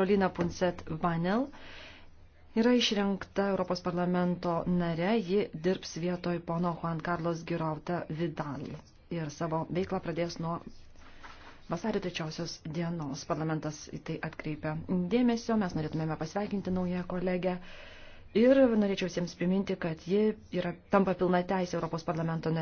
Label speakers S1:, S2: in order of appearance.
S1: Karolina Punset Vanel yra išrinkta Europos parlamento nare, ji dirbs vietoj pono Juan Carlos Girauta Vidal ir savo veiklą pradės nuo vasario trečiosios dienos. Parlamentas į tai atkreipia dėmesio, mes norėtumėme pasveikinti naują kolegę. Ir norėčiau visiems priminti, kad ji yra, tampa pilna teisė Europos parlamento nare.